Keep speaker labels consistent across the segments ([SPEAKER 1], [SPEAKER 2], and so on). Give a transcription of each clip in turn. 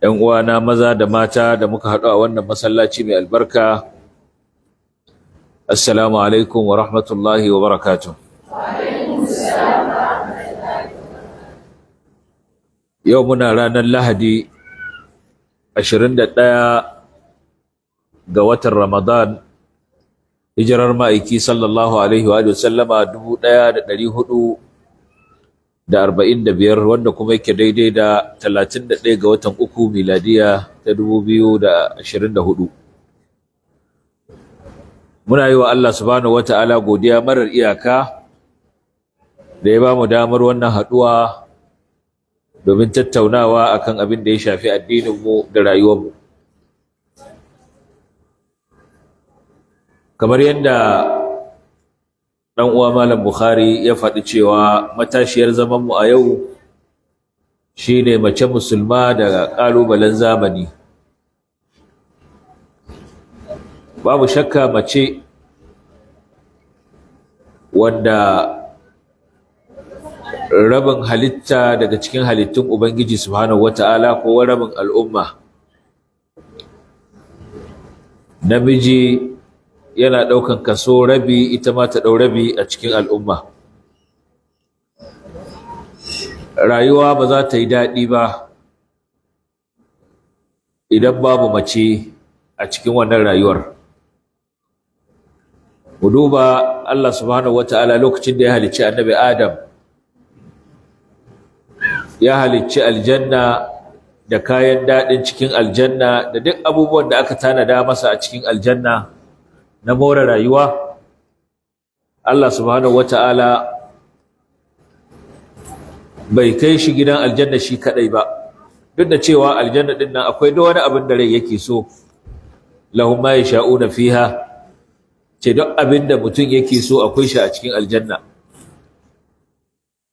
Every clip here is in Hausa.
[SPEAKER 1] ‘yan uwana maza da mata da muka haɗu a wannan masallaci mai albarka. Assalamu alaikum wa rahmatullahi wa barakatu. Yau muna ranar Lahadi 21 ga watan Ramadan, hijirar ma'aiki sallallahu Alaihi wa sallama 1400 da arba'in da biyar wanda kuma yake daidai da talatin da ɗaya ga watan uku miladiya ta dubu biyu da ashirin da hudu muna yi wa Allah subhanahu wa ta'ala godiya marar iyaka da ya ba mu damar wannan haɗuwa domin tattaunawa akan abin da ya shafi addininmu da rayuwarmu kamar yadda dan uwa malam bukhari ya faɗi cewa matashiyar zaman mu a yau shine mace musulma da ƙalubalen zamani babu shakka mace wanda rabin halitta daga cikin halittun ubangiji subhanahu wata'ala ko rabin al'umma namiji yana ɗaukan kaso rabi ita ma ta ɗau rabi a cikin al'umma rayuwa ba za ta yi daɗi ba idan babu mace a cikin wannan rayuwar Huduba duba Allah subhanahu wata'ala lokacin da ya halicci annabi Adam ya halicci aljanna da kayan daɗin cikin aljanna da duk abubuwan da aka tanada masa a cikin aljanna na more rayuwa Allah subhanahu wata'ala bai kai shi gidan aljanna shi kadai ba duk da cewa aljanna din nan akwai duk wani abin da rai yake so lahum ma yasha'una fiha ce duk abin da mutum yake so akwai shi a cikin aljanna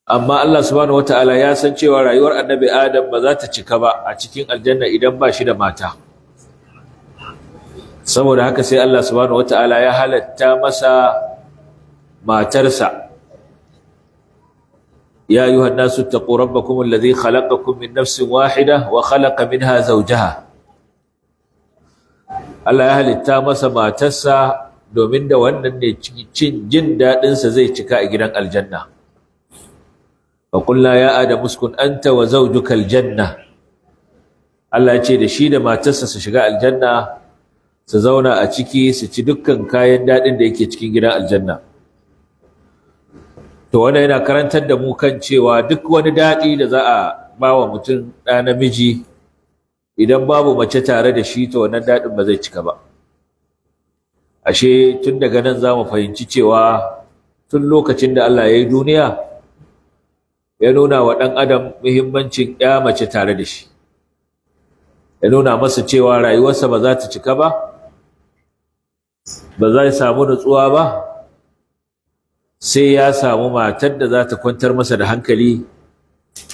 [SPEAKER 1] amma Allah subhanahu wataala ya san cewa rayuwar annabi Adam ba za ta cika ba a cikin aljanna idan ba shi da mata saboda haka sai Allah subhanahu wataala ya halatta masa matarsa يا أيها الناس اتقوا ربكم الذي خلقكم من نفس واحدة وخلق منها زوجها الله أهل التامس ما تسا دومين دا وانن جن دا انسا زي چكاء جنان الجنة فقلنا يا آدم اسكن أنت وزوجك الجنة الله يتشي دا شيدا ما تسا سشقاء الجنة su zauna a ciki su ci dukkan kayan daɗin da yake cikin gidan aljanna to wannan yana karantar da mu kan cewa duk wani daɗi da za a ba wa mutum ɗa namiji idan babu mace tare da shi to wannan daɗin ba zai cika ba ashe tun daga nan za mu fahimci cewa tun lokacin da Allah ya yi duniya ya nuna wa ɗan adam muhimmancin ya mace tare da shi ya nuna masa cewa rayuwarsa ba za ta cika ba ba zai samu nutsuwa ba sai ya samu matar da za ta kwantar masa da hankali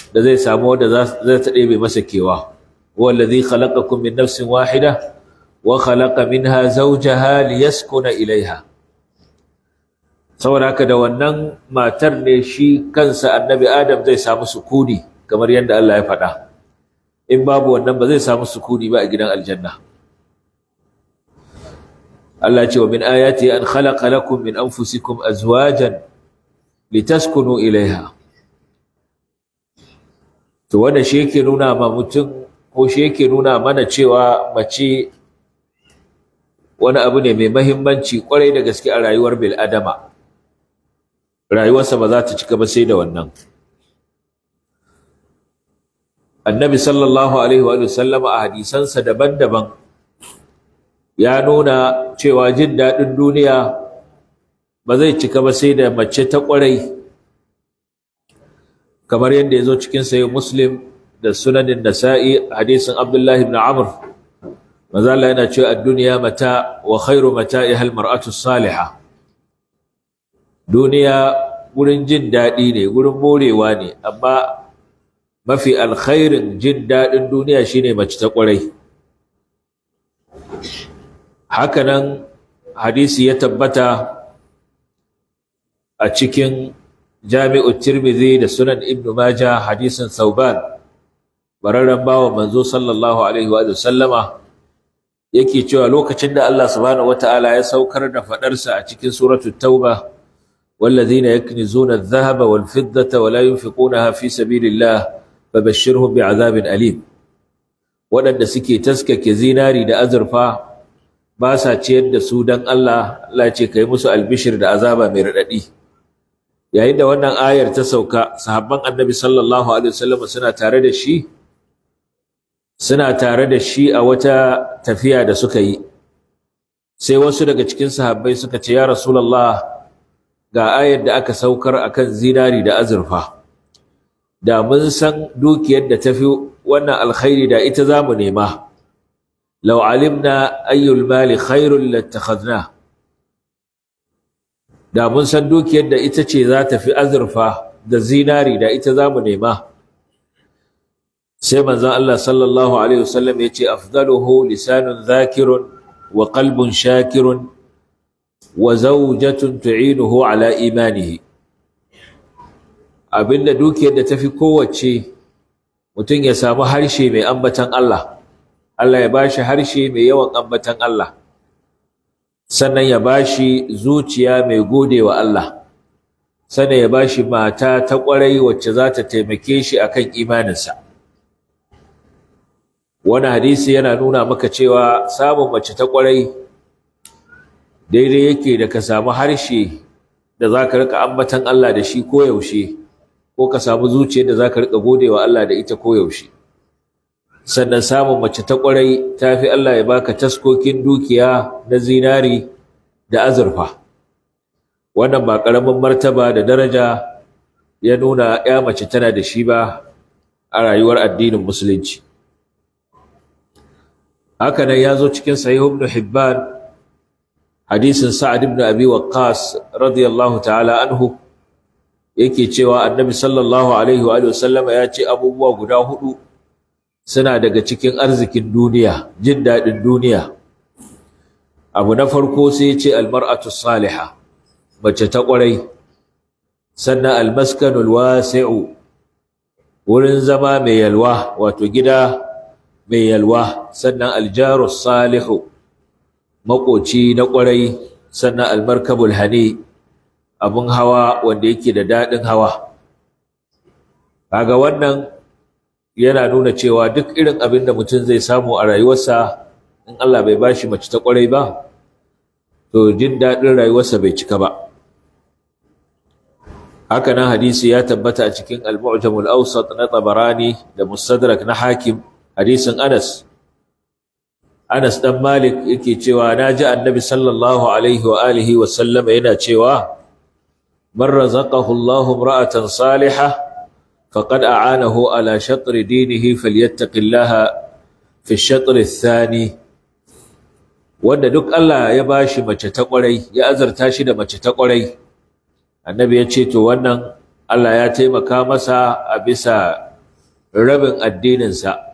[SPEAKER 1] da zai samu wadda za ta ɗebe masa kewa wallazi khalaqakum min nafsin wahida wa khalaqa minha zawjaha liyaskuna ilaiha saboda haka da wannan matar ne shi kansa annabi adam zai samu sukuni kamar yadda Allah ya faɗa in babu wannan ba zai samu sukuni ba a gidan aljanna Allah ce wa min ayati an khalaqa lakum min anfusikum azwajan litaskunu ilaiha to wanda shi yake nuna ma mutum ko shi yake nuna mana cewa mace wani abu ne mai mahimmanci kwarai da gaske a rayuwar bil adama rayuwarsa ba za ta cika ba sai da wannan annabi sallallahu alaihi wa sallama a hadisansa daban-daban ya nuna cewa jin daɗin duniya ba zai cika ba sai da mace ta ƙwarai kamar yadda ya zo cikin sayi muslim da sunanin nasa'i hadisin abdullahi ibn za mazala yana cewa duniya mata wa khairu ya hal mar'atu saliha duniya wurin jin daɗi ne wurin morewa ne amma mafi alkhairin jin daɗin duniya shine mace ta ƙwarai hakanan hadisi ya tabbata a cikin jami'u tirmidhi da sunan ibnu maja hadisin sauban bararren bawa manzo sallallahu alaihi wa sallama yake cewa lokacin da Allah subhanahu wata'ala ya saukar da fadarsa a cikin suratu tauba والذين يكنزون الذهب والفضة ولا ينفقونها في سبيل الله فبشرهم بعذاب أليم suke سكي تسكك زيناري دا ba sa ciyar da su don Allah Allah ce ka yi musu albishir da azaba mai raɗaɗi yayin da wannan ayar ta sauka sahabban annabi sallallahu alaihi wasallam suna tare da shi suna tare da shi a wata tafiya da suka yi sai wasu daga cikin sahabbai suka ce ya rasulullah ga ayar da aka saukar akan zinari da azurfa da mun san dukiyar da tafi wannan alkhairi da ita zamu nema لو علمنا أي المال خير لاتخذناه da mun san dukiyar da ita ce za ta fi azurfa da zinari da ita za mu nema sai manzon Allah sallallahu alaihi wasallam ya ce afdaluhu lisanun zakirun wa qalbun shakirun wa zawjatun tu'inuhu ala imanihi abinda dukiyar da ta fi kowace mutum ya samu harshe mai ambatan Allah Allah ya bashi harshe mai yawan ambatan Allah sannan ya bashi zuciya mai godewa Allah sannan ya bashi mata ta ƙwarai wacce za ta taimake shi akan imaninsa wani hadisi yana nuna maka cewa samun mace ta ƙwarai daidai yake da ka samu harshe da za ka riƙa ambatan Allah da shi koyaushe ko ka samu zuciyar da za ka riƙa gode Allah da ita koyaushe sannan samun mace ta ƙwarai ta fi Allah ya baka taskokin dukiya na zinari da azurfa wannan ba ƙaramin martaba da daraja ya nuna ya mace tana da shi ba a rayuwar addinin musulunci haka nan ya zo cikin sahih ibn hibban hadisin sa'ad ibn abi waqqas radiyallahu ta'ala anhu yake cewa annabi sallallahu alaihi wa ya ce abubuwa guda hudu suna daga cikin arzikin duniya jin daɗin duniya abu na farko sai ce almar'atu saliha mace ta ƙwarai sannan almaskanul wasi'u wurin zama mai yalwa wato gida mai yalwa sannan aljaru salihu makoci na ƙwarai sannan almarkabul hani abin hawa wanda yake da daɗin hawa kaga wannan yana nuna cewa duk irin abin da mutum zai samu a rayuwarsa in Allah bai bashi mace ta kwarai ba to jin daɗin rayuwarsa bai cika ba haka nan hadisi ya tabbata a cikin al-mu'jam awsat na tabarani da musadrak na hakim hadisin Anas Anas dan Malik yake cewa na ji annabi sallallahu alaihi wa alihi wa sallama yana cewa man razaqahu Allahu imra'atan salihah فقد أعانه على شطر دينه فليتق الله في الشطر الثاني wanda duk Allah ya bashi mace ta kwarai ya azarta shi da mace ta kwarai annabi ya ce to wannan Allah ya taimaka masa a bisa rabin addininsa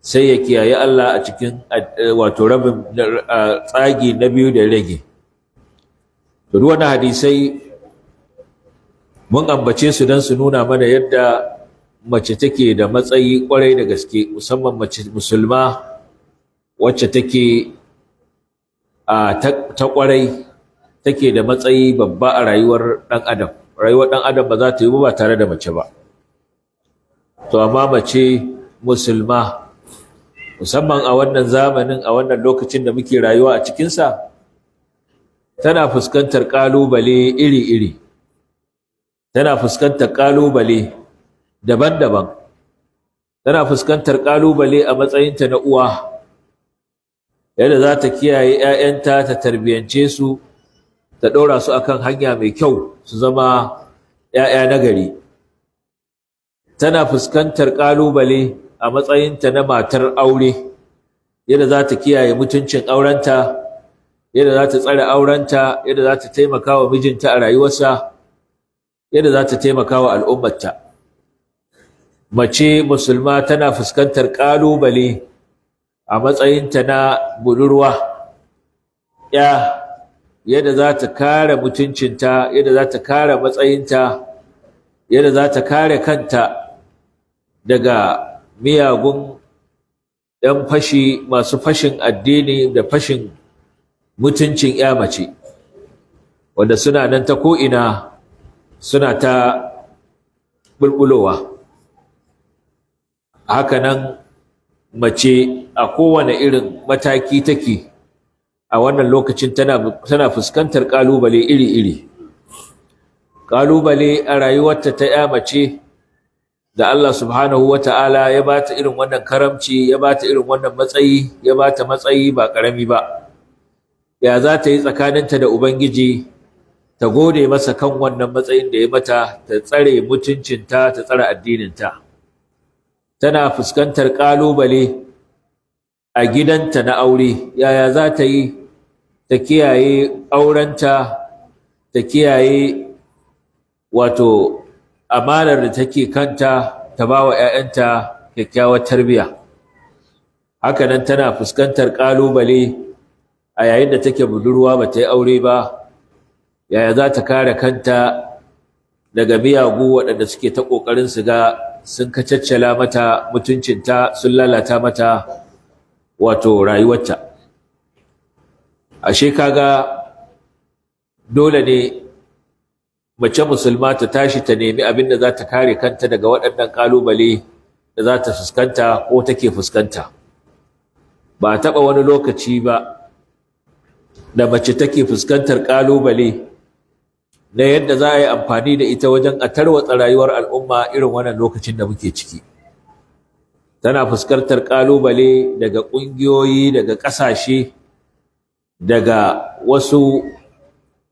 [SPEAKER 1] sai ya kiyaye Allah a cikin wato rabin tsagi na biyu da rage to duk wannan hadisai mun ambace su don su nuna mana yadda mace take da matsayi kwarai da gaske musamman mace musulma wacce take a ta kwarai take da matsayi babba a rayuwar ɗan adam rayuwar ɗan adam ba za ta yi ba tare da mace ba to amma mace musulma musamman a wannan zamanin a wannan lokacin da muke rayuwa a cikinsa tana fuskantar ƙalubale iri-iri tana fuskantar ƙalubale daban-daban tana fuskantar ƙalubale a matsayinta na uwa yadda za ta kiyaye 'ya'yanta ta tarbiyyance su ta ɗora su akan hanya mai kyau su zama 'ya'ya nagari. tana fuskantar ƙalubale a matsayinta na matar aure yadda za ta kiyaye mutuncin aurenta yadda za ta tsare aurenta yadda za ta taimaka wa mijinta a rayuwarsa yadda za ta taimaka wa al'ummarta mace musulma tana fuskantar ƙalubale a matsayinta na budurwa ya yadda za ta kare mutuncinta yadda za ta kare matsayinta yadda za ta kare kanta daga miyagun ‘yan fashi masu fashin addini da fashin mutuncin ‘ya mace wanda suna nan ta ko'ina suna ta bulbulowa haka nan mace a kowane irin mataki take a wannan lokacin tana fuskantar ƙalubale iri-iri ƙalubale a rayuwarta ta ya mace da Allah subhanahu wa ta'ala ya ba ta irin wannan karamci ya ba ta irin wannan matsayi ya ba ta matsayi ba ƙarami ba ya za ta yi tsakaninta da Ubangiji ta gode masa kan wannan matsayin da ya mata ta tsare mutuncinta ta tsare addininta tana fuskantar ƙalubale a gidanta na aure yaya za ta yi ta kiyaye aurenta ta kiyaye wato amanar da take kanta ta ba wa 'ya'yanta kyakkyawar tarbiyya hakanan tana fuskantar ƙalubale a yayin da take budurwa ba ta yi aure ba yaya za ta kare kanta daga miyagu waɗanda suke ta ƙoƙarin su ga sun kacaccala mata mutuncinta sun lalata mata wato rayuwarta ashe kaga dole ne mace musulma ta tashi ta nemi abin da za ta kare kanta daga waɗannan ƙalubale da za ta fuskanta ko take fuskanta ba a taɓa wani lokaci ba da mace take fuskantar ƙalubale na yadda za a yi amfani da ita wajen a tarwatsa rayuwar al'umma irin wannan lokacin da muke ciki tana fuskantar ƙalubale daga ƙungiyoyi daga ƙasashe daga wasu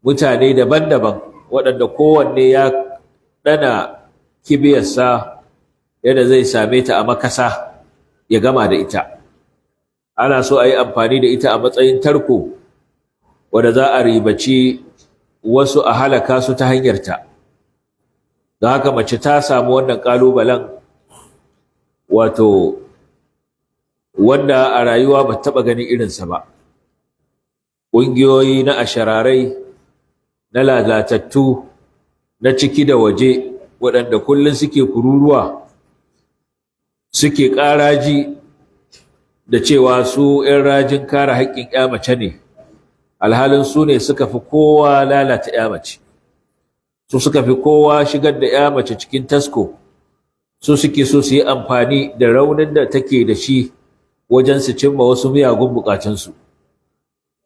[SPEAKER 1] mutane daban-daban waɗanda kowanne ya ɗana kibiyarsa yadda zai same ta a makasa ya gama da ita ana so a yi amfani da ita a matsayin tarko wadda za a ribaci wasu a halaka su ta hanyarta don haka mace ta samu wannan ƙalubalen wato wanda a rayuwa ba taɓa ganin irinsa ba ƙungiyoyi na ashararai na lalatattu na ciki da waje waɗanda kullum suke kururuwa suke ƙaraji da cewa su 'yan rajin kare haƙƙin 'ya mace ne alhalin su ne suka fi kowa lalata ya mace su suka fi kowa shigar da ya mace cikin tasko su suke so su yi amfani da raunin da take da shi wajen su cimma wasu miyagun bukatunsu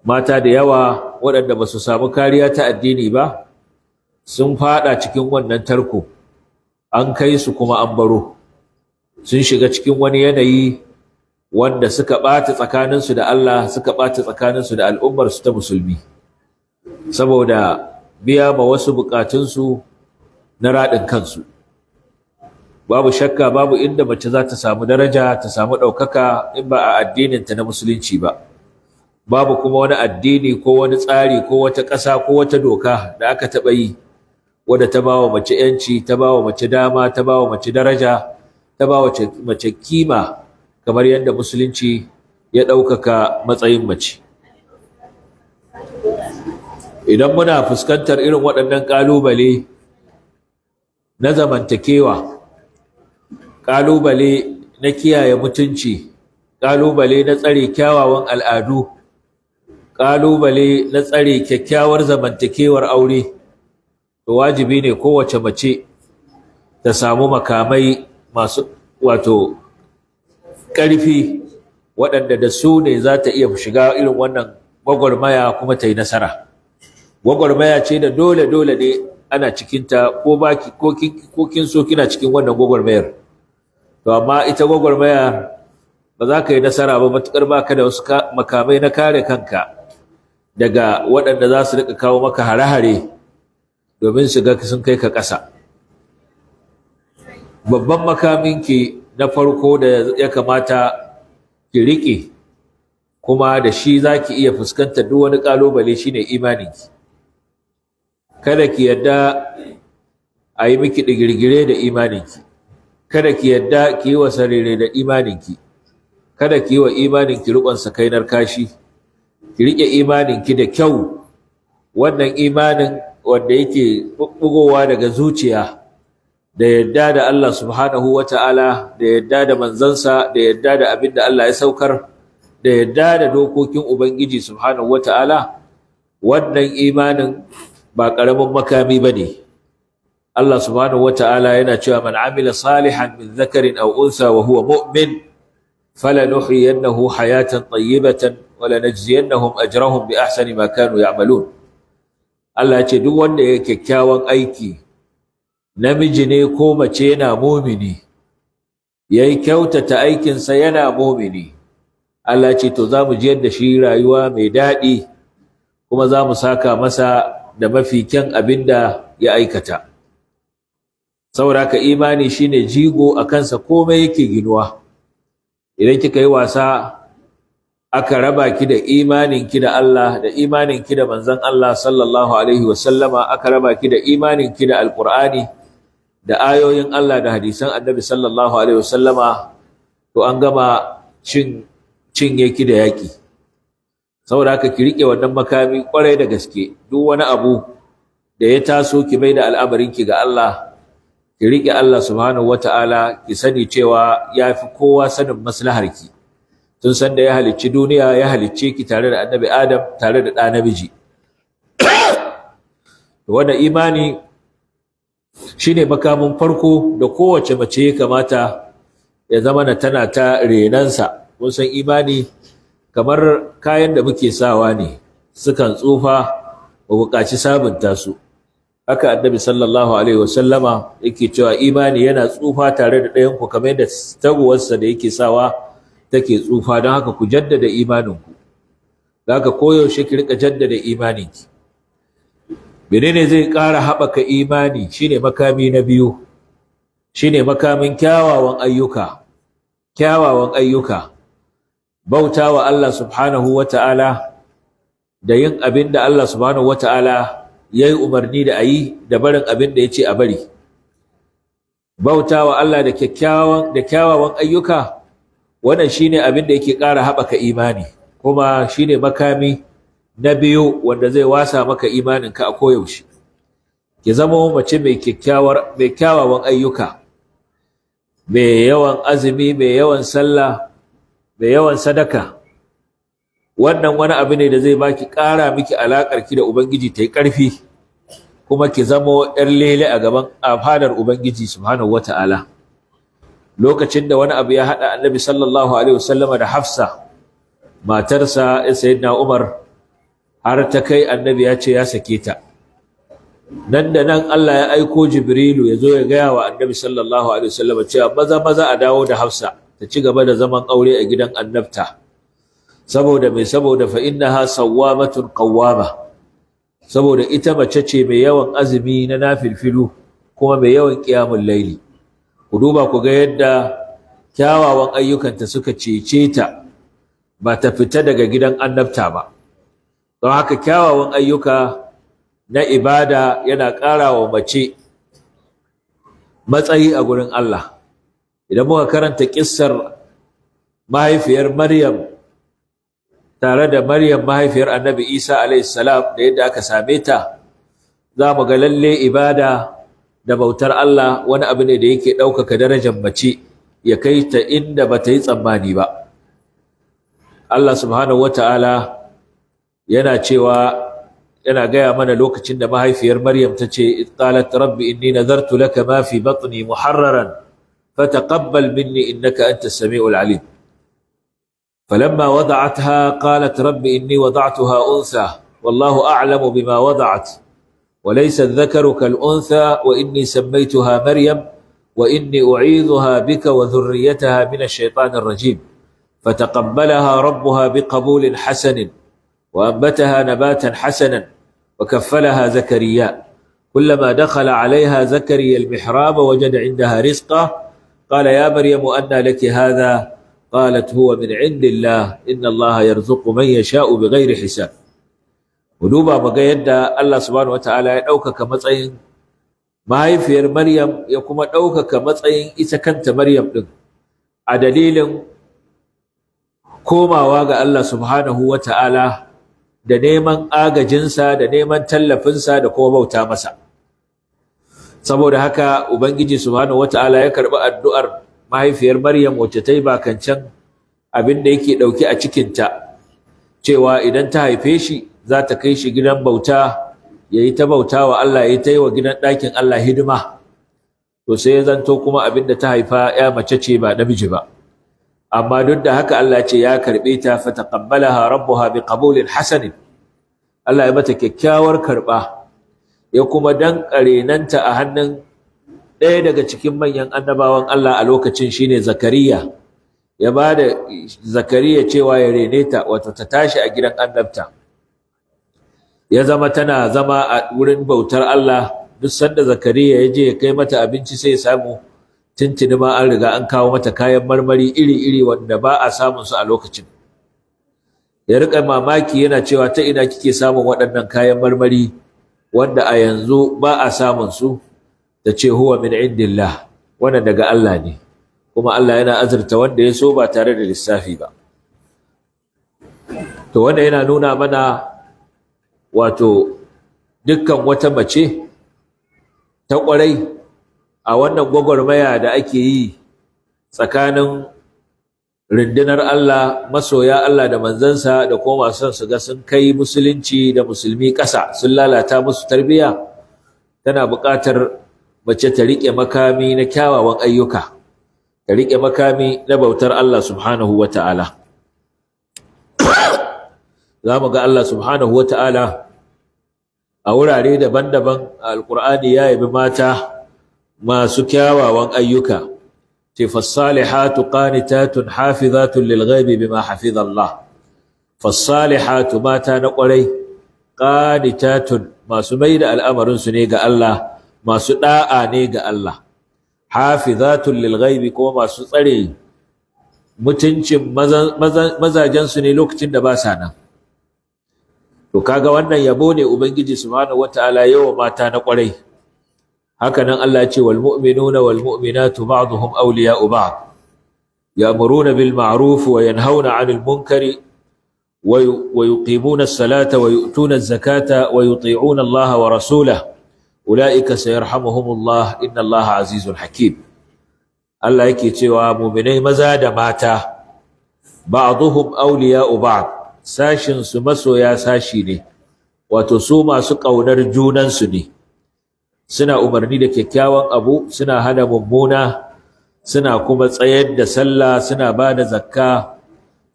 [SPEAKER 1] mata da yawa waɗanda ba su samu kariya ta addini ba sun fada cikin wannan tarko an kai su kuma an baro sun shiga cikin wani yanayi wanda suka ɓata tsakaninsu da Allah suka ɓata tsakaninsu da al'ummarsu ta musulmi saboda biya ma wasu bukatunsu na raɗin kansu babu shakka babu inda mace za ta samu daraja ta samu ɗaukaka in ba a addininta na musulunci ba babu kuma wani addini ko wani tsari ko wata ƙasa ko wata doka da aka taɓa yi wadda ta bawa mace ‘yanci ta bawa mace dama ta bawa mace daraja ta bawa mace kima kamar yadda musulunci ya ɗaukaka matsayin mace idan muna fuskantar irin waɗannan ƙalubale na zamantakewa ƙalubale na kiyaye mutunci ƙalubale na tsare kyawawan al'adu ƙalubale na tsare kyakkyawar zamantakewar aure to wajibi ne kowace mace ta samu makamai masu wato ƙarfi waɗanda da su ne za ta iya shiga irin wannan gwagwarmaya kuma ta yi nasara gwagwarmaya ce da dole dole ne ana cikinta ko baki ko kin so kina cikin wannan gwagwarmayar to amma ita gwagwarmaya ba za ka yi nasara ba matuƙar ba ka da wasu makamai na kare kanka daga waɗanda za su riƙa kawo maka hare-hare domin su ga sun kai ka ƙasa babban makamin ki na farko da ya kamata ki riƙe kuma da shi za ki iya fuskantar duk wani ƙalubale shi shine imaninki kada ki yadda a yi miki digirgire da imaninki kada ki yadda ki yi wa sarere da imaninki kada ki yi wa imaninki riƙon sakainar kashi ki riƙe ki da kyau wannan imanin wanda yake bugowa daga zuciya da yadda da Allah subhanahu da yadda da manzansa da yadda da abin da Allah ya saukar da yadda da dokokin ubangiji subhanahu wannan imanin ba ƙaramin makami bane Allah subhanahu yana cewa man amila salihan min zakarin aw unsa wa huwa mu'min Yannahu, hayatan tayyibatan wa lanajziyannahum ajrahum bi ahsani ma kanu ya'malun Allah ya ce duk wanda ya kyakkyawan aiki namiji ne ko mace yana mumini yayi kyautata aikinsa yana mumini Allah ce to za mu ji yadda shi rayuwa mai daɗi kuma za mu saka masa da mafi kyan abin da ya aikata saboda ka imani shine jigo a kansa komai yake ginuwa idan kika yi wasa aka raba ki da imaninki da Allah da imaninki da manzon Allah sallallahu alaihi wasallama aka raba ki da imaninki da alqur'ani da ayoyin Allah da hadisan annabi sallallahu alaihi wasallama to an gama cin cinye ki da yaki saboda haka ki riƙe wannan makami ƙwarai da gaske duk wani abu da ya taso ki mai da al'amarinki ga Allah ki riƙe Allah subhanahu wata'ala ki sani cewa ya fi kowa sanin maslaharki tun san da ya halicci duniya ya halicce ki tare da annabi adam tare da ɗa namiji wanda imani shine makamin farko da kowace mace ya kamata ya zama na tana ta renansa mun san imani kamar kayan da muke sawa ne sukan tsufa ba buƙaci sabunta su haka annabi sallallahu alaihi wasallama yake cewa imani yana tsufa tare da ɗayan ku kamar yadda taguwarsa da yake sawa take tsufa don haka ku jaddada imaninku Za haka koyaushe ki rika jaddada imaninki menene zai ƙara haɓaka imani shine makami na biyu shine makamin kyawawan ayyuka kyawawan ayyuka bauta wa Allah subhanahu wata'ala da yin abin da Allah subhanahu wata'ala ya yi umarni da a yi da barin abin da ya ce a bari bauta wa Allah da kyawawan ayyuka wannan shine abin da yake ƙara haɓaka imani kuma shine makami na biyu wanda zai wasa maka imaninka a koyaushe ki zama mace mai kyakkyawar mai kyawawan ayyuka mai yawan azumi mai yawan sallah mai yawan sadaka wannan wani abu ne da zai baki ƙara miki alaƙar ki da ubangiji ta yi ƙarfi kuma ki zama ɗan lele a gaban a fadar ubangiji subhanahu wata'ala lokacin da wani abu ya haɗa annabi sallallahu alaihi wasallama da hafsa matarsa sayyidina umar har ta kai annabi ya ce ya sake ta nan da nan Allah ya aiko Jibrilu ya zo ya gaya wa annabi sallallahu alaihi wasallam cewa maza maza a dawo da Hafsa ta ci gaba da zaman aure a gidan annabta saboda mai saboda fa innaha sawwamatun qawwama saboda ita mace ce mai yawan azumi na nafilfilu kuma mai yawan qiyamul laili ku duba ku ga yadda kyawawan ayyukanta suka cece ta ba ta fita daga gidan annabta ba don haka kyawawan ayyuka na ibada yana ƙara wa mace matsayi a gurin Allah idan muka karanta ƙissar mahaifiyar Maryam tare da Maryam mahaifiyar Annabi Isa alayhi da yadda aka same ta za mu ga lalle ibada da bautar Allah wani abu ne da yake ɗaukaka darajar mace ya kai ta inda ba ta yi tsammani ba Allah subhanahu wata'ala yana cewa yana gaya mana lokacin da mahaifiyar Maryam ta ce qalat rabbi inni nadartu laka ma fi batni muharraran fataqabbal minni innaka antas samiul alim فلما وضعتها قالت رب إني وضعتها أنثى والله أعلم بما وضعت وليس الذكر كالأنثى وإني سميتها مريم وإني أعيذها بك وذريتها من الشيطان الرجيم فتقبلها ربها بقبول حسن وأنبتها نباتا حسنا وكفلها زكريا كلما دخل عليها زكريا المحراب وجد عندها رزقا قال يا مريم أنى لك هذا قالت هو من عند الله إن الله يرزق من يشاء بغير حساب ودوبا بقى يدى الله سبحانه وتعالى يدعوك كمطعين mahaifiyar Maryam ya kuma ɗaukaka matsayin ita kanta Maryam ɗin a dalilin komawa ga Allah subhanahu wa ta'ala da neman agajinsa da neman tallafinsa da kuma bauta masa saboda haka ubangiji subhanahu wata'ala ya karɓi addu'ar mahaifiyar maryam wacce ta yi bakancan abin da yake ɗauki a cikinta cewa idan ta haife shi za ta kai shi gidan bauta ya yi ta bauta wa allah ya yi ta yi wa gidan ɗakin allah hidima to sai ya zanto kuma abin da ta haifa ya mace ce ba namiji ba amma duk da haka Allah ce ya karbe ta fa taqabbalaha rabbuha bi qabulin hasan Allah ya mata kyakkyawar karba ya kuma dankare nanta a hannun ɗaya daga cikin manyan annabawan Allah a lokacin shine Zakariya ya ba da Zakariya cewa ya rene ta wato ta tashi a gidan annabta ya zama tana zama a wurin bautar Allah duk sanda Zakariya ya je ya kai mata abinci sai ya samu tuntuni ma an riga an kawo mata kayan marmari iri-iri wanda ba a samun su a lokacin ya rika mamaki yana cewa ta ina kike samun waɗannan kayan marmari wanda a yanzu ba a samun su ta ce huwa min indillah wannan daga Allah ne kuma Allah yana azurta wanda ya so ba tare da lissafi ba to wanda yana nuna mana wato dukkan wata mace ta ƙwarai a wannan gwagwarmaya da ake yi tsakanin rundunar Allah masoya Allah da manzansa da kuma masu son su ga sun kai musulunci da musulmi ƙasa sun lalata musu tarbiyya tana buƙatar mace ta riƙe makami na kyawawan ayyuka ta riƙe makami na bautar Allah subhanahu wa ta'ala za mu ga Allah subhanahu wa ta'ala a wurare daban-daban alƙur'ani ya yabi mata masu kyawawan ayyuka ce fassalihatu qanitatun hafizatun lil ghaibi bima hafiza Allah fassalihatu mata na kwarai qanitatun masu maida al'amarin su ne ga Allah masu da'a ne ga Allah hafizatun lil ghaibi kuma masu tsare mutuncin mazajen su ne lokacin da ba sa nan to kaga wannan yabo ne ubangiji subhanahu wataala yawa mata na kwarai haka nan Allah ya ce wal mu'minuna wal mu'minatu ba'dhum awliya'u ba'd ya'muruna bil ma'ruf wa yanhauna 'anil munkari wa yuqimuna as-salata wa yu'tuna az-zakata wa yuti'una Allah wa rasulahu ulaika sayarhamuhumullah inna Allah azizun hakim Allah yake cewa mu'minai maza da mata ba'dhum awliya'u ba'd sashin su masoya sashi ne wato su masu ƙaunar junansu ne suna umarni da kyakkyawan abu suna hana mummuna suna kuma tsayar da sallah suna ba da zakka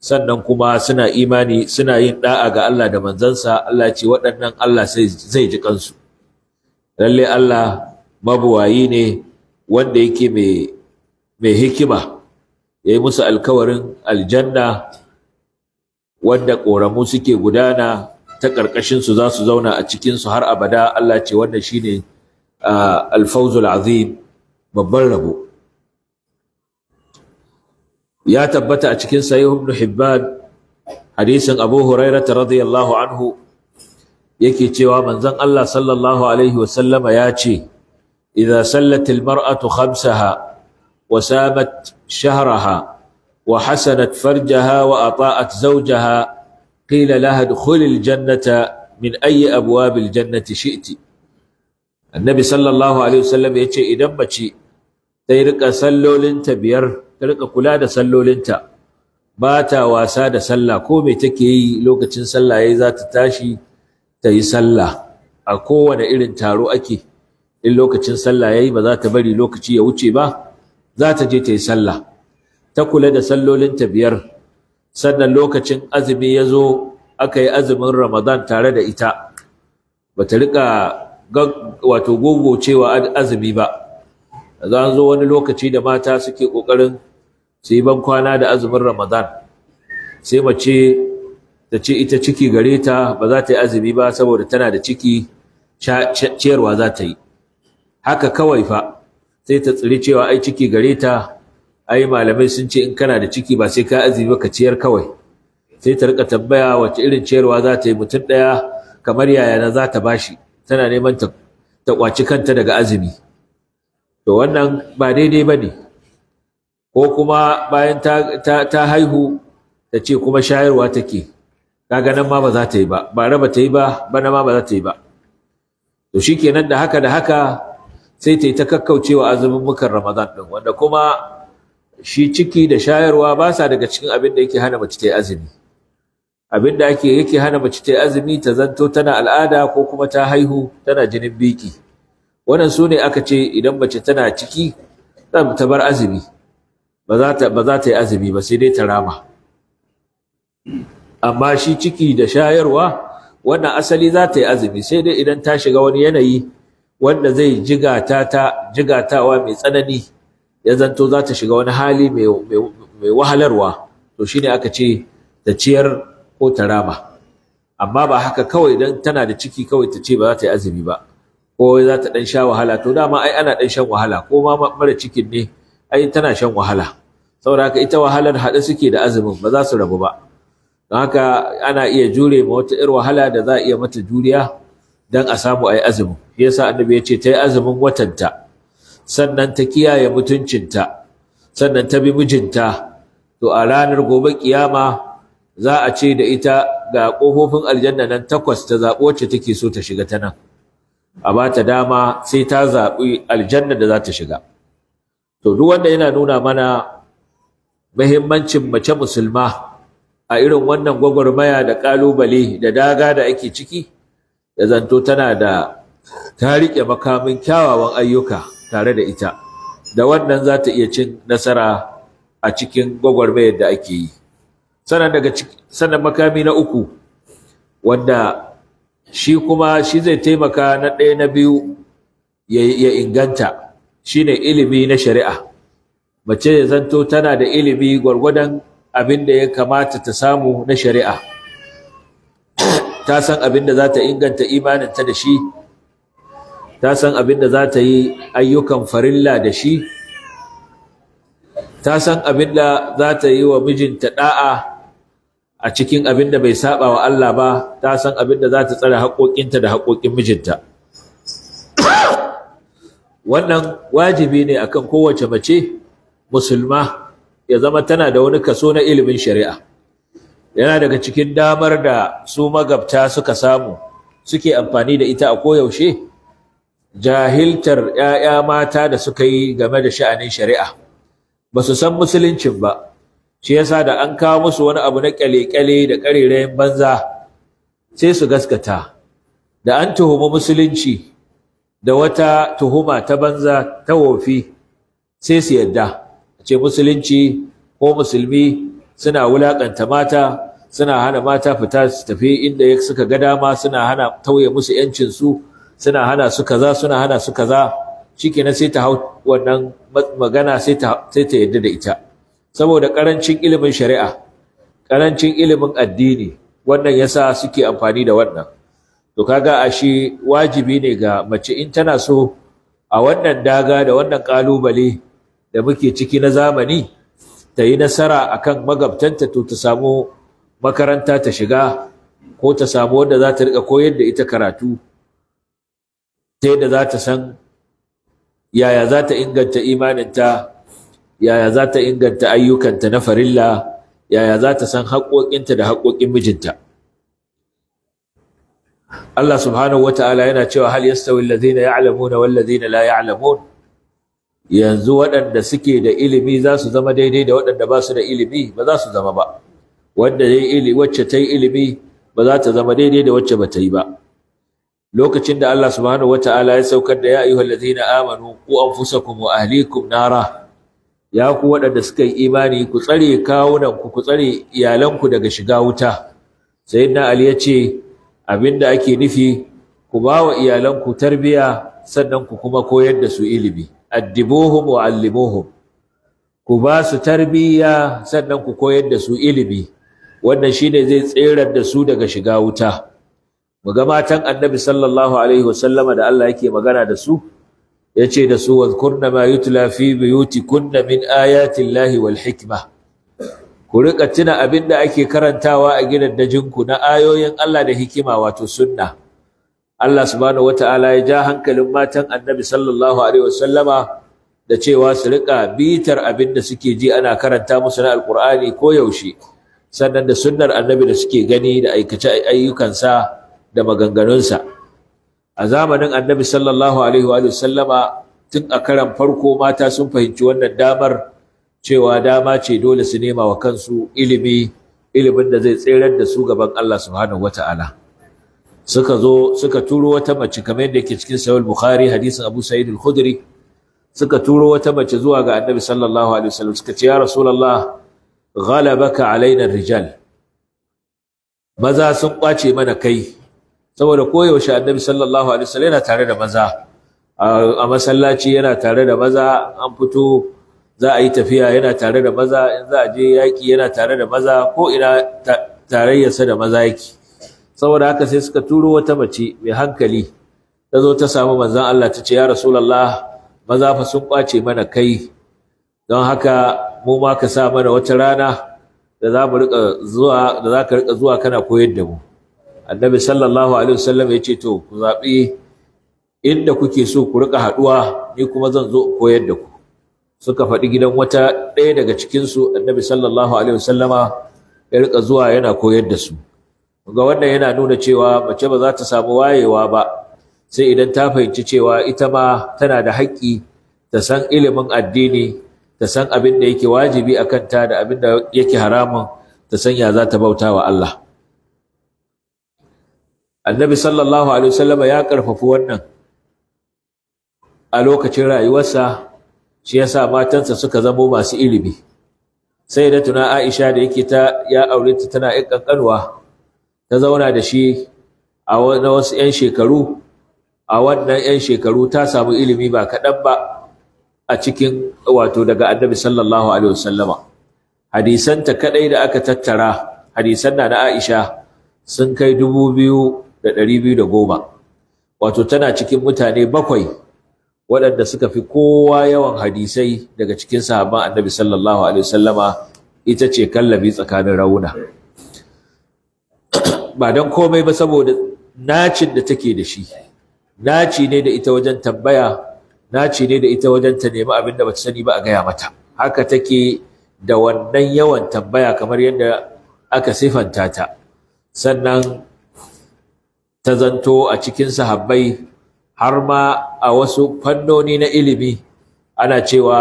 [SPEAKER 1] sannan kuma suna imani suna yin da'a ga Allah da manzansa Allah ce waɗannan Allah zai ji kansu lalle Allah mabuwayi ne wanda yake mai hikima ya yi musu alkawarin aljanna wanda ƙoramu suke gudana ta ƙarƙashinsu za su zauna a cikinsu har abada Allah ce wannan shine ne alfawzul azim babban rabo ya tabbata a cikin sahih ibn hibban hadisin abu hurairah radiyallahu anhu yake cewa manzon Allah sallallahu alaihi sallama ya ce idza sallatil mar'atu khamsaha wa samat shahraha wa hasanat farjaha wa ata'at zawjaha qila laha adkhulil jannata min ayyi abwabil jannati shi'ti annabi sallallahu alaihi wasallam ya ce idan mace ta yi rika sallolinta biyar ta rika kula da sallolinta ba ta wasa da sallah ko me take yi lokacin sallah yayi za ta tashi ta yi sallah a kowane irin taro ake in lokacin sallah yayi ba za ta bari lokaci ya wuce ba za ta je ta yi sallah ta kula da sallolinta biyar sannan lokacin azumi ya zo aka yi azumin ramadan tare da ita ba ta rika wato gogo cewa azumi ba za zo wani lokaci da mata suke kokarin su yi bankwana da azumin ramadan sai mace ta ce ita ciki gare ta ba za ta yi azumi ba saboda tana da ciki ciyarwa za ta yi haka kawai fa sai ta tsiri cewa ai ciki gare ta ai malamai sun ce in kana da ciki ba sai ka azumi ba ka ciyar kawai sai ta rika tambaya wace irin ciyarwa za ta yi mutum ɗaya kamar yaya na za ta bashi tana neman ta kwaci kanta daga azumi to wannan ba daidai ba ne ko kuma bayan ta, haihu ta ce kuma shayarwa take kaga nan ma ba za ta yi ba ba raba ta yi ba bana ma ba za ta yi ba to shi nan da haka da haka sai ta yi ta kakkaucewa azumin mukan ramadan ɗin wanda kuma shi ciki da shayarwa ba sa daga cikin abin da yake hana mace ta yi azumi abin da ake yake hana mace ta azumi ta zanto tana al'ada ko kuma ta haihu tana jinin biki wannan su ne aka ce idan mace tana ciki ta bar azumi ba za ta yi azumi ba sai dai ta rama amma shi ciki da shayarwa wannan asali za ta yi azumi sai dai idan ta shiga wani yanayi wanda zai jiga ta jigatawa mai tsanani ya zanto za ta shiga wani hali mai wahalarwa to shine aka ce ta ciyar ko ta rama amma ba haka kawai dan tana da ciki kawai ta ce ba za ta yi azumi ba ko za ta dan sha wahala to dama ai ana dan shan wahala ko ma mara cikin ne ai tana shan wahala saboda haka ita wahalar haɗe suke da azumin ba za su rabu ba don haka ana iya jure ma wata 'yar wahala da za a iya mata juriya dan a samu ayi azumin shi yasa annabi ya ce ta yi azumin watanta sannan ta kiyaye mutuncinta sannan ta bi mijinta to a ranar gobe kiyama za a ce da ita ga ƙofofin aljanna nan takwas ta zaɓi wacce take so ta shiga ta nan a ba ta dama sai ta zaɓi aljanna da za ta shiga to duk wanda yana nuna mana muhimmancin mace musulma a irin wannan gwagwarmaya da ƙalubale da daga da ake ciki da zanto tana da ta riƙe makamin kyawawan ayyuka tare da ita da wannan za ta iya cin nasara a cikin gwagwarmayar da ake yi sannan daga sannan makami na uku wanda shi kuma shi zai taimaka na ɗaya na biyu ya inganta shine ilimi na shari'a mace ya zanto tana da ilimi gwargwadon abin da ya kamata ta samu na shari'a ta san abin da za ta inganta imaninta da shi ta san abin da za ta yi ayyukan farilla da shi ta san abin da za ta yi wa mijinta da'a a cikin abin da bai saba wa Allah ba ta san abin da za ta tsare haƙoƙinta da haƙoƙin mijinta wannan wajibi ne akan kowace mace musulma ya zama tana da wani kaso na ilimin shari'a yana daga cikin damar da su magabta suka samu suke amfani da ita a koyaushe jahiltar 'ya'ya mata da suka yi game da sha'anin shari'a ba su san musuluncin ba shi yasa da an kawo musu wani abu na ƙyale-ƙyale da ƙarerayen banza sai su gaskata da an tuhumi musulunci da wata tuhuma ta banza ta wofi sai su yadda a ce musulunci ko musulmi suna wulaƙanta mata suna hana mata fita su tafi inda suka ga dama suna hana tauye musu 'yancinsu suna hana su kaza suna hana su kaza kenan sai ta hau wannan magana sai ta yadda da ita saboda ƙarancin ilimin shari'a ƙarancin ilimin addini wannan ya sa suke amfani da wannan to kaga ashe wajibi ne ga mace in tana so a wannan daga da wannan ƙalubale da muke ciki na zamani ta yi nasara a kan magabtanta to ta samu makaranta ta shiga ko ta samu wanda za ta rika koyar da ita karatu ta da za ta san yaya za ta inganta imaninta yaya za ta inganta ayyukanta na farilla yaya za ta san haƙoƙinta da haƙoƙin mijinta Allah subhanahu wata'ala yana cewa hal yastawi alladhina ya'lamuna wal ladhina la ya'lamun yanzu waɗanda suke da ilimi za su zama daidai da waɗanda ba su da ilimi ba za su zama ba wanda yayi wacce ta yi ilimi ba za ta zama daidai da wacce ba ta yi ba lokacin da Allah subhanahu wata'ala ya saukar da ya ayyuhal ladhina amanu qu anfusakum wa ahlikum nara ya ku waɗanda suka yi imani ku tsare kawunan ku tsare iyalanku daga shiga wuta sayyidina ali ya ce abinda ake nufi ku ba wa iyalanku tarbiya sannan ku kuma koyar da su ilimi addibuhum wa allimuhum ku ba su tarbiya sannan ku koyar da su ilimi wannan shine zai tserar da su daga shiga wuta mu ga matan annabi sallallahu alaihi wasallama da Allah yake magana da su Ya ce da su wadhkurna ma yutla fi kunna min ayati lahi wal hikma ku rika tuna abin da ake karantawa a gidajenku na ayoyin Allah da hikima wato sunna Allah subhanahu wataala ya ja hankalin matan Annabi sallallahu alaihi wasallama da cewa su rika bitar abin da suke ji ana karanta musu na Alƙur'ani ko yaushe sannan da sunnar Annabi da suke gani da aikace ayyukansa da maganganunsa a zamanin annabi sallallahu alaihi wa sallama tun a karan farko mata sun fahimci wannan damar cewa dama ce dole su nema wa kansu ilimi ilimin da zai tserar da su gaban Allah subhanahu wata'ala suka zo suka turo wata mace kamar yadda yake cikin sahih bukhari hadisin abu sa'id al-khudri suka turo wata mace zuwa ga annabi sallallahu alaihi wasallam suka ce ya rasulullah ghalabaka alaina rijal maza sun kwace mana kai saboda koyaushe annabi sallallahu alaihi wasallam yana tare da maza a masallaci yana tare da maza an fito za a yi tafiya yana tare da maza in za a je yaƙi yana tare da maza ko ina tarayyarsa da maza yake saboda haka sai suka turo wata mace mai hankali ta zo ta samu manzon Allah ta ce ya rasulullah maza fa sun kwace mana kai don haka mu ma ka sa mana wata rana da za mu rika zuwa da za ka rika zuwa kana koyar da mu annabi sallallahu alaihi wasallam ya ce to ku zaɓi inda kuke so ku rika haɗuwa ni kuma zan zo koyar da ku suka faɗi gidan wata ɗaya daga cikinsu annabi sallallahu alaihi wasallama ya riƙa zuwa yana koyar da su ga wannan yana nuna cewa mace ba za ta samu wayewa ba sai idan ta fahimci cewa ita ma tana da haƙƙi ta san ilimin addini ta san abin da yake wajibi a kanta da abin da yake haramun ta san ya za ta bauta wa Allah annabi sallallahu alaihi wasallam ya karfafi wannan a lokacin rayuwarsa shi yasa matansa suka zamo masu ilimi sai da tuna Aisha da yake ta ya aure ta tana yin kankanwa ta zauna da shi a wasu 'yan shekaru a wannan 'yan shekaru ta samu ilimi ba kaɗan ba a cikin wato daga annabi sallallahu alaihi wasallama hadisanta kadai da aka tattara hadisan na Aisha sun kai dubu biyu da ɗari biyu da goma wato tana cikin mutane bakwai waɗanda suka fi kowa yawan hadisai daga cikin sahabban annabi sallallahu alaihi wasallama ita ce kallabi tsakanin rauna ba don komai ba saboda nacin da take da shi naci ne da ita wajen tambaya naci ne da ita wajen ta nemi abin da bata sani ba a gaya mata haka take da wannan yawan tambaya kamar yadda aka sifanta ta sannan ta zanto a cikin sahabbai har ma a wasu fannoni na ilimi ana cewa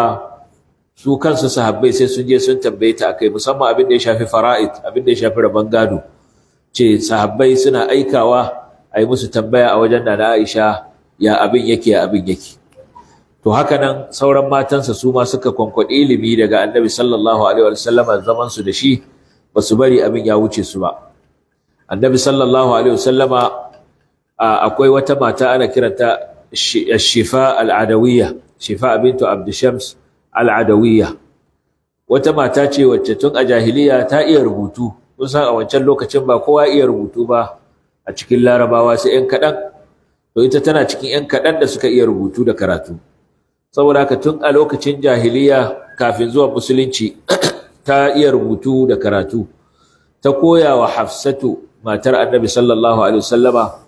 [SPEAKER 1] su kansu sahabbai sai sun je sun tambaye ta akai musamman abin da ya shafi fara'id abin da ya shafi rabon gado ce sahabbai suna aikawa a yi musu tambaya a wajen da Aisha ya abin yake ya abin yake to haka nan sauran matansa su ma suka kwankwaɗi ilimi daga annabi sallallahu alaihi wa sallama zaman su da shi ba su bari abin ya wuce su ba annabi sallallahu alaihi wa sallama akwai wata mata ana kiranta shifa al'adawiyya shifa bintu abdishams al'adawiyya wata mata ce wacce tun a jahiliya ta iya rubutu kun san a wancan lokacin ba kowa iya rubutu ba a cikin larabawa sai 'yan kaɗan to ita tana cikin 'yan kaɗan da suka iya rubutu da karatu saboda ka tun a lokacin jahiliya kafin zuwa musulunci ta iya rubutu da karatu ta koya wa hafsatu matar annabi sallallahu alaihi wasallama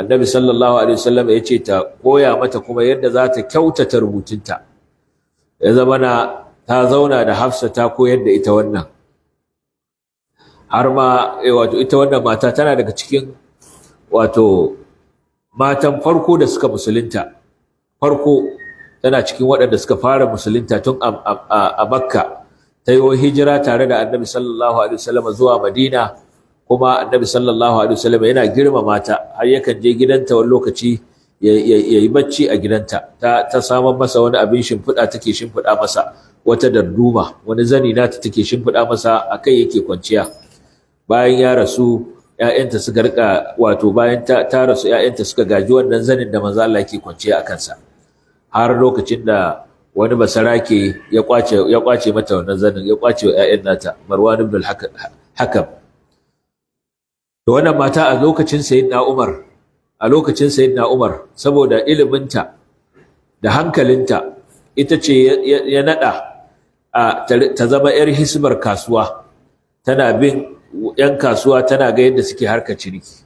[SPEAKER 1] annabi sallallahu alaihi wasallam ya ce ta koya mata kuma yadda za ta kyautata rubutunta ya zama na ta zauna da hafsa ta koyar da ita wannan har ma eh, wato ita wannan mata tana daga cikin wato matan farko da suka musulunta farko tana cikin waɗanda suka fara musulunta tun a makka ta yi hijira tare da annabi sallallahu alaihi wasallam zuwa madina kuma annabi sallallahu alaihi wasallam yana girmama ta har yakan je gidanta wani lokaci ya yi bacci a gidanta ta ta samar masa wani abin shimfiɗa take shimfiɗa masa wata darduma wani zani nata take shimfiɗa masa akai yake kwanciya bayan ya rasu ƴaƴanta suka rika wato bayan ta, ta rasu 'ya'yanta suka gaji wannan zanin da manzo Allah yake kwanciya a kansa har lokacin da wani basarake ya kwace ya kwace mata wannan zanin ya kwace wa 'ya'yan nata Marwan ibn al-Hakam to wannan mata a lokacin sayyidina Umar a lokacin sayyidina Umar saboda iliminta da hankalinta ita ce ya nada ta zama yar hisbar kasuwa tana bin yan kasuwa tana ga yadda suke harka ciniki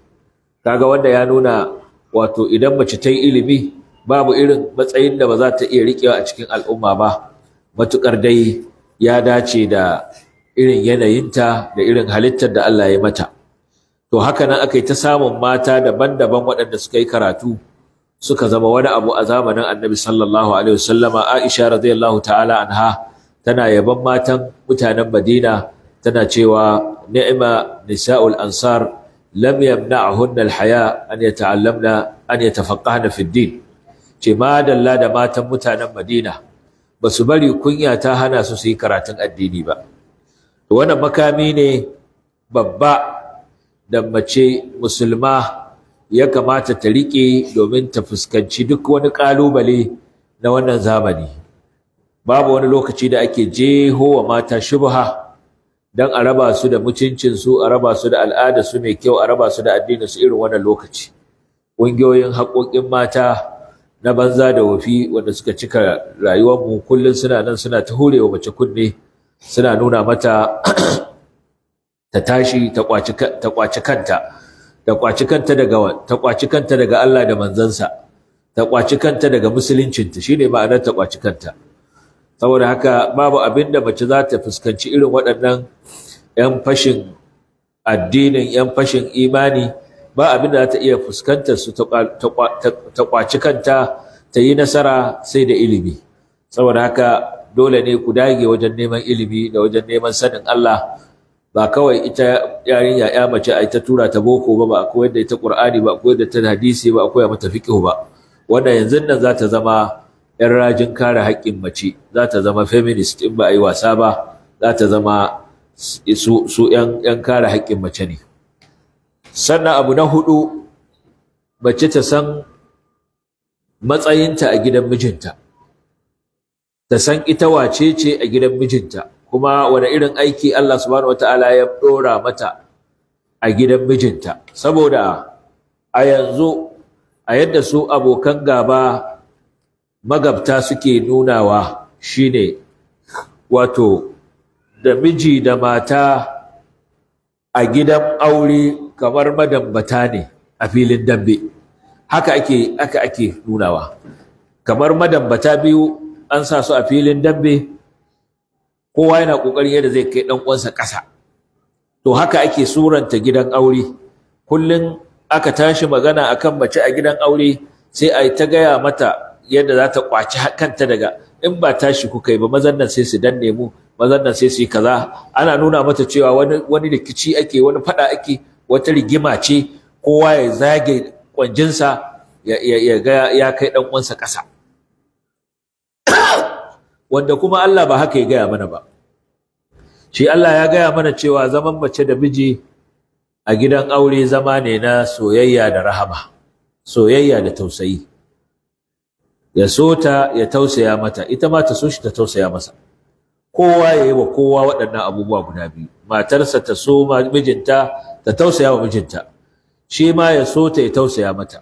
[SPEAKER 1] kaga wanda ya nuna wato idan mace ta yi ilimi babu irin matsayin da ba za ta iya riƙewa a cikin al'umma ba matukar dai ya dace da irin yanayinta da irin halittar da Allah ya mata to haka nan aka yi ta samun mata daban-daban waɗanda suka yi karatu suka zama wani abu a zamanin annabi sallallahu alaihi wasallama aisha radiyallahu ta'ala anha tana yaban matan mutanen madina tana cewa ni'ma nisa'ul ansar lam yamna'hunna haya, an yata'allamna an yatafaqqahna fi din ce ma dalla da matan mutanen madina ba su bari kunya ta hana su su yi karatun addini ba wannan makami ne babba da mace musulma ya kamata ta riƙe domin ta fuskanci duk wani ƙalubale na wannan zamani babu wani lokaci da ake jeho wa mata shubha dan a raba su da mutuncinsu a raba su da al'ada su mai kyau a raba su da su irin wannan lokaci ƙungiyoyin haƙoƙin mata na banza da wafi wanda suka cika rayuwarmu kullun suna nan suna ta hurewa mace kunne suna nuna mata ta tashi ta kwaci ta kwaci kanta ta kwaci kanta daga ta kwaci kanta daga Allah da manzansa ta kwaci kanta daga musuluncinta shine ma'anar ta kwaci kanta saboda haka babu abin da mace za ta fuskanci irin waɗannan 'yan fashin addinin 'yan fashin imani ba abin da za ta iya fuskantar su ta kwaci kanta ta yi nasara sai da ilimi saboda haka dole ne ku dage wajen neman ilimi da wajen neman sanin Allah ba kawai ita yarinya ya mace ai ta tura ta boko ba ba akwai yadda ita qur'ani ba akwai yadda ta hadisi ba akwai mata fiqh ba wannan yanzu nan za ta zama yan rajin kare haƙƙin mace za ta zama feminist in ba ai wasa ba za ta zama su su yan yan kare haƙƙin mace ne sannan abu na hudu mace ta san matsayinta a gidan mijinta ta san ita wace ce a gidan mijinta kuma wani irin aiki Allah subhanahu ta’ala ya dora mata a gidan mijinta saboda a yanzu a yadda su abokan gaba magabta suke nunawa shine wato da miji da mata a gidan aure kamar madambata ne a filin dambe haka ake aka ake nunawa kamar madambata biyu an sa su a filin dambe kowa yana kokari yadda zai kai dan uwansa kasa to haka ake suranta gidan aure kullun aka tashi magana akan mace a gidan aure sai ayi ta gaya mata yadda za ta kwaci hakanta daga in ba tashi kuka yi ba mazan nan sai su danne mu mazan nan sai su yi kaza ana nuna mata cewa wani wani rikici ake wani fada ake wata rigima ce kowa ya zage kwanjinsa ya ya ya kai dan uwansa kasa wanda kuma Allah ba haka ya gaya mana ba shi Allah ya gaya mana cewa zaman mace da miji a gidan aure zama ne na soyayya da rahama soyayya da tausayi ya so ta ya tausaya mata ita ma ta so shi ta tausaya masa kowa ya yi wa kowa waɗannan abubuwa guda biyu matarsa ta so mijinta ta tausaya wa mijinta shi ma ya so ta ya tausaya mata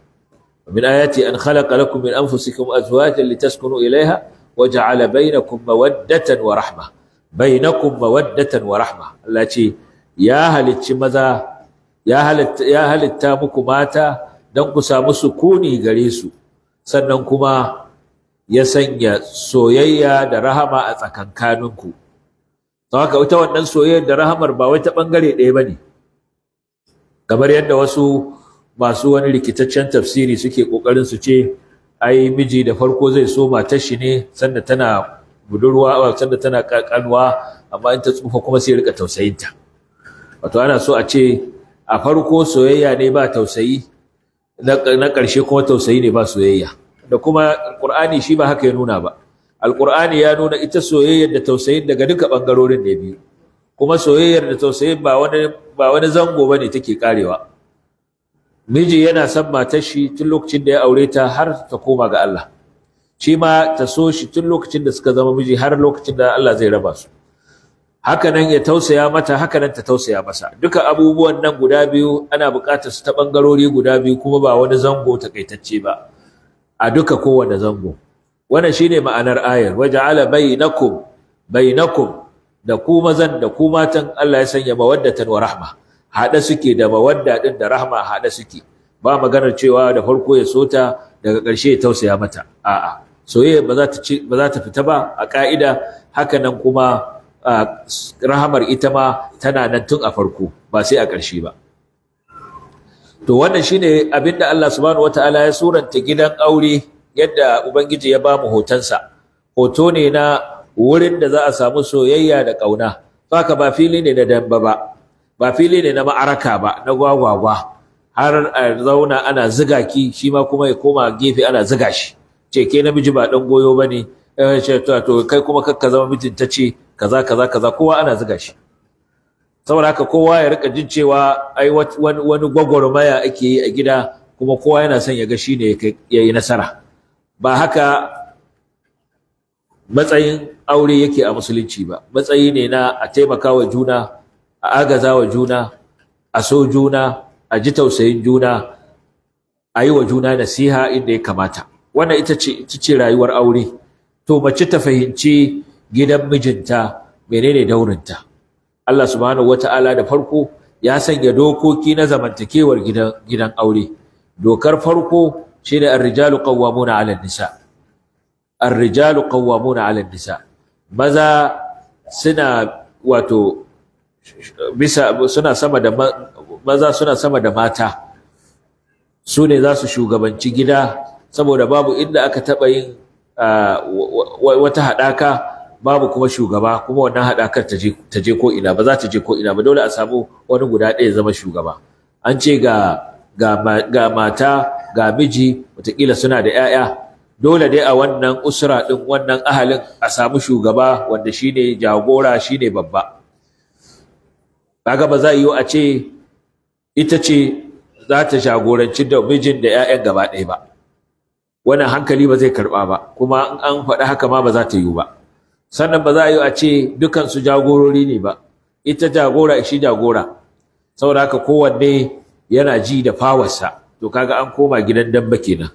[SPEAKER 1] min ayati an khalaqa lakum min anfusikum azwajan litaskunu ilaiha waja'ala bainakum mawaddatan wa rahma bainakum mawaddatan wa rahma Allah ce ya halicci maza ya halitta ya halitta muku mata dan ku samu sukuni gare su sannan kuma ya sanya soyayya da rahama a tsakankaninku to haka ita wannan soyayya da rahamar ba wai ta bangare ɗaya bane kamar yadda wasu masu wani rikitaccen tafsiri suke kokarin su ce ai miji da farko zai so matar shi ne sanda tana budurwa sanda tana kanuwa, amma in ta tsufa kuma sai rika tausayin ta wato ana so a ce a farko soyayya ne ba tausayi na ƙarshe kuma tausayi ne ba soyayya da kuma alqur'ani shi ba haka ya nuna ba Alƙur'ani ya nuna ita soyayyar da tausayin daga duka bangarorin ne biyu kuma soyayyar da tausayin ba wani ba wani zango bane take karewa miji yana san matar shi tun lokacin da ya aure ta har ta koma ga Allah shi ma ta so shi tun lokacin da suka zama miji har lokacin da Allah zai raba su hakanan ya tausaya mata hakanan ta tausaya masa duka abubuwan nan guda biyu ana buƙatar su ta bangarori guda biyu kuma ba wani zango takaitacce ba a duka kowane zango wannan shine ma'anar ayar waja'ala bainakum bainakum da ku mazan da ku matan Allah ya sanya mawaddatan wa rahma haɗe suke da mawadda ɗin da rahama haɗe suke ba maganar cewa da farko ya sota daga ƙarshe ya tausaya mata a'a soyayya ba za ta fita ba a ƙa'ida haka nan kuma rahamar ita ma tana nan tun a farko ba sai a ƙarshe ba to wannan shine abin da Allah subhanahu wataala ya suranta gidan aure yadda ubangiji ya ba mu hotonsa hoto ne na wurin da za a samu soyayya da ƙauna haka ba fili ne da damba ba ba fili ne na ma'araka ba na gwagwagwa har a zauna ana ziga ki shi ma kuma ya koma gefe ana ziga shi ce ke namiji ba dan goyo bane eh, to kai kuma kakka zama mijin ta ce kaza kaza kaza kowa ana ziga shi saboda haka kowa ya rika jin cewa ai wani gwagwarmaya ake yi a gida kuma kowa yana son ya ga shi ne ya yi nasara ba haka matsayin aure yake a musulunci ba matsayi ne na a taimaka wa juna a agaza wa juna a so juna a ji tausayin juna a yi wa juna nasiha inda ya kamata wannan ita ce rayuwar aure to mace ta fahimci gidan mijinta menene daurinta Allah wata ala da farko ya sanya dokoki na zamantakewar gidan gidan aure dokar farko shine ar-rijalu qawwamuna 'ala an-nisa ar-rijalu qawwamuna 'ala an-nisa maza suna wato bisa suna sama da maza suna sama da mata su ne za su shugabanci gida saboda babu inda aka taɓa yin wata haɗaka babu kuma shugaba kuma wannan haɗakar ta je ko ba za ta je ko'ina ina ba dole a samu wani guda ɗaya zama shugaba an ce ga mata ga miji watakila suna da 'ya'ya dole dai a wannan usra ɗin wannan ahalin a samu shugaba wanda shine jagora shine babba kaga ba za yiwu a ce ita ce za ta jagoranci da mijin da 'ya'yan gaba ɗaya ba wannan hankali ba zai karɓa ba kuma in an faɗi haka ma ba za ta yiwu ba sannan ba za a yi a ce dukansu jagorori ne ba ita jagora shi jagora saboda haka kowanne yana ji da fawarsa to kaga an koma gidan damba kenan